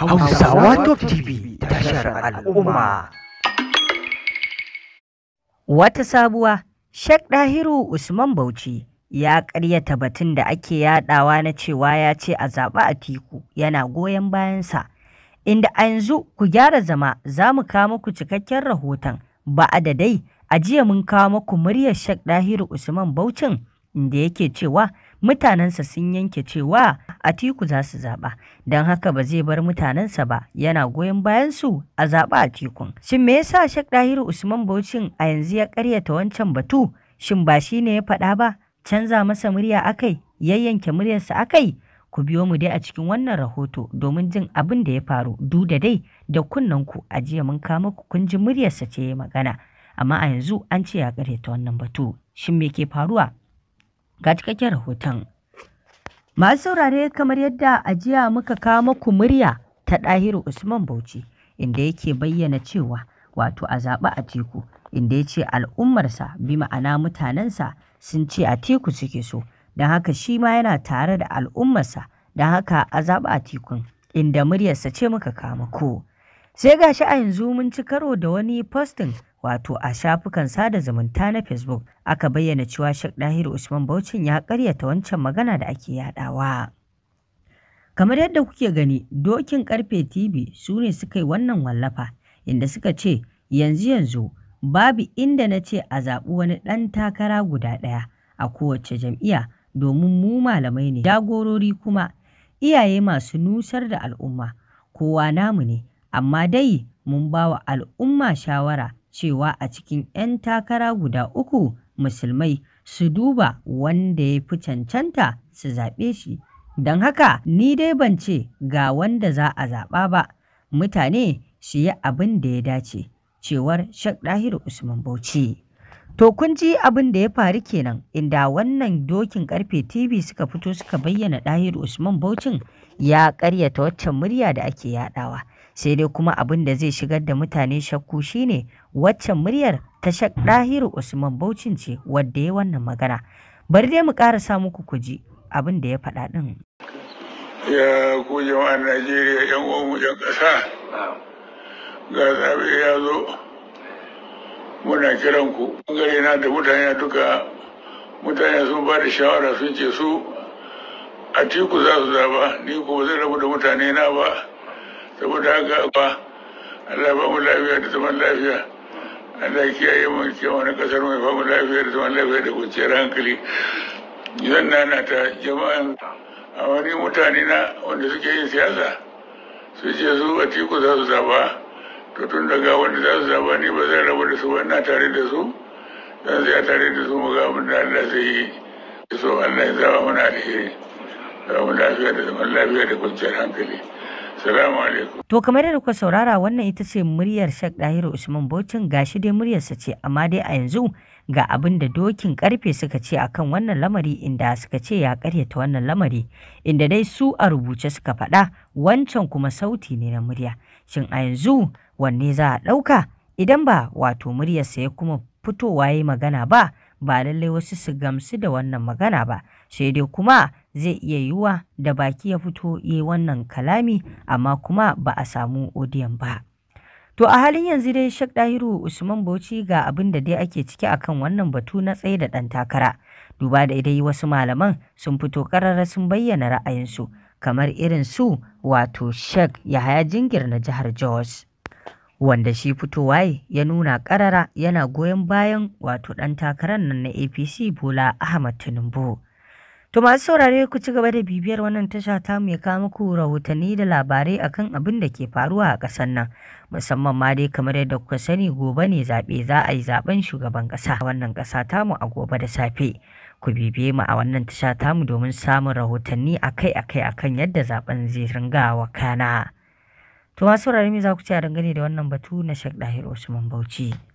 Hausawa Top TV tashar al'umma. Wata sabuwa, Sheikh Dahiru Usman Bauchi ya ƙaryata batun da ake yaɗawa na cewa ya ce a zaɓa a tiku yana goyon bayansa. Inda a yanzu ku gyara zama za mu kawo muku cikakken rahoton ba a da dai a jiya mun kawo muku muryar Sheikh Dahiru Usman Bauchin inda yake cewa mutanensa sun yanke cewa a tiku za su zaɓa, don haka ba zai bar mutanensa ba, yana goyon bayan su a zaɓa a tikun. Shin me yasa shek Dahiru Usman baucin a yanzu ya karyata wancan batu? Shin ba shi ne ya faɗa ba? Canza masa murya akai, yayyanke muryarsa akai? Ku biyo mu dai a cikin wannan rahoto domin jin abin da ya faru, da dai da kunnanku a jiya mun kama ku kun ji muryarsa ce magana. Amma a yanzu an ce ya karyata wannan batu. Shin me ke faruwa? Ga cikakken rahoton. Masu saurare kamar yadda a jiya muka kama ku murya ta ɗahiru Usman Bauchi inda yake bayyana cewa wato a zaɓi a teku inda ya ce al'ummarsa bi ma'ana mutanensa sun ce a teku suke so don haka shi ma yana tare da al'ummarsa don haka a zaɓi a tekun inda muryarsa ce muka kama ko. sai ga shi a yanzu mun ci karo da wani postin wato a shafukan sada zumunta na facebook aka bayyana cewa Sheikh Dahir Usman Bauchin ya karyata wancan magana da ake yadawa. Kamar yadda kuke gani, dokin karfe TV su ne suka yi wannan wallafa inda suka ce yanzu yanzu babu inda na ce a zaɓi wani ɗan takara guda ɗaya a kowace jam'iya domin mu malamai ne jagorori kuma iyaye masu nusar da al'umma kowa namu ne Amma dai mun ba wa al'umma shawara cewa a cikin 'yan takara guda uku Musulmai su duba wanda ya fi cancanta su zaɓe shi, don haka ni dai ban ce ga wanda za a zaɓa ba, mutane su yi abin da ya dace,” cewar Sheikh Usman Bauchi. To kun ji abin da ya faru kenan inda wannan dokin karfe TV suka fito suka bayyana Dahiru Usman Bauchin ya ƙaryata waccan murya da ake yaɗawa. sai dai kuma abin da zai shigar da mutane shakku shine waccan muryar ta shak ɗahiru usman baucin ce wadda ya wannan magana bari dai mu sa muku kuji abin da ya faɗa ɗin. ya ku jama'ar najeriya yan uwanmu yan ƙasa ga zaɓe ya zo muna kiran ku ɓangare na da mutane duka mutane sun ba da shawara sun ce su a tiku za su zaba ni ko zai rabu da mutane na ba saboda haka ba Allah ba mu lafiya da zaman lafiya Allah kiyaye mu ce wani kasar mai ba mu lafiya da zaman lafiya da kwanciyar hankali zan nana ta jama'an a wani mutane na wanda suke yin siyasa su ce su a tiku za su zaba to tun daga wanda za su zaba ni ba zai rabu da su ba na tare da su zan tsaya tare da su mu ga abin da Allah zai yi so Allah ya zaba mana alheri. mu lafiya da zaman lafiya da kwanciyar hankali. Salamu To kamar yadda kuka saurara wannan ita ce muryar Sheikh Dahiru Usman Bocin gashi dai muryarsa ce amma dai a yanzu ga abin da dokin karfe suka ce akan wannan lamari inda suka ce ya karyata wannan lamari inda dai su a rubuce suka faɗa wancan kuma sauti ne na murya. Shin a yanzu wanne za a ɗauka idan ba wato muryarsa ya kuma fitowa yayi magana ba ba lallai wasu su gamsu da wannan magana ba sai dai kuma zai iya yiwuwa da baki ya fito yi wannan kalami amma kuma ba a samu odiyan ba to a halin yanzu dai shek dahiru usman bauchi ga abin da dai ake ciki akan wannan batu na tsaye da ɗan takara duba da dai wasu malaman sun fito karara sun bayyana ra'ayinsu kamar irin su wato shek yahaya jingir na jihar jos wanda shi fitowa ya nuna ƙarara yana goyon bayan wato ɗan takarar nan na APC Bola Ahmad Tinubu. To masu saurare ku ci gaba da bibiyar wannan tasha ta mai kawo muku rahotanni da labarai akan abin da ke faruwa a ƙasar nan musamman ma dai kamar yadda kuka sani gobe ne zaɓe za a yi zaɓen shugaban ƙasa wannan ƙasa tamu a gobe da safe. ku bibiye mu a wannan tasha tamu domin samun rahotanni akai-akai akan yadda zaɓen zai ringa wakana. To masu saurare me za ku ce a dangane da wannan batu na Sheikh Dahir Usman Bauchi?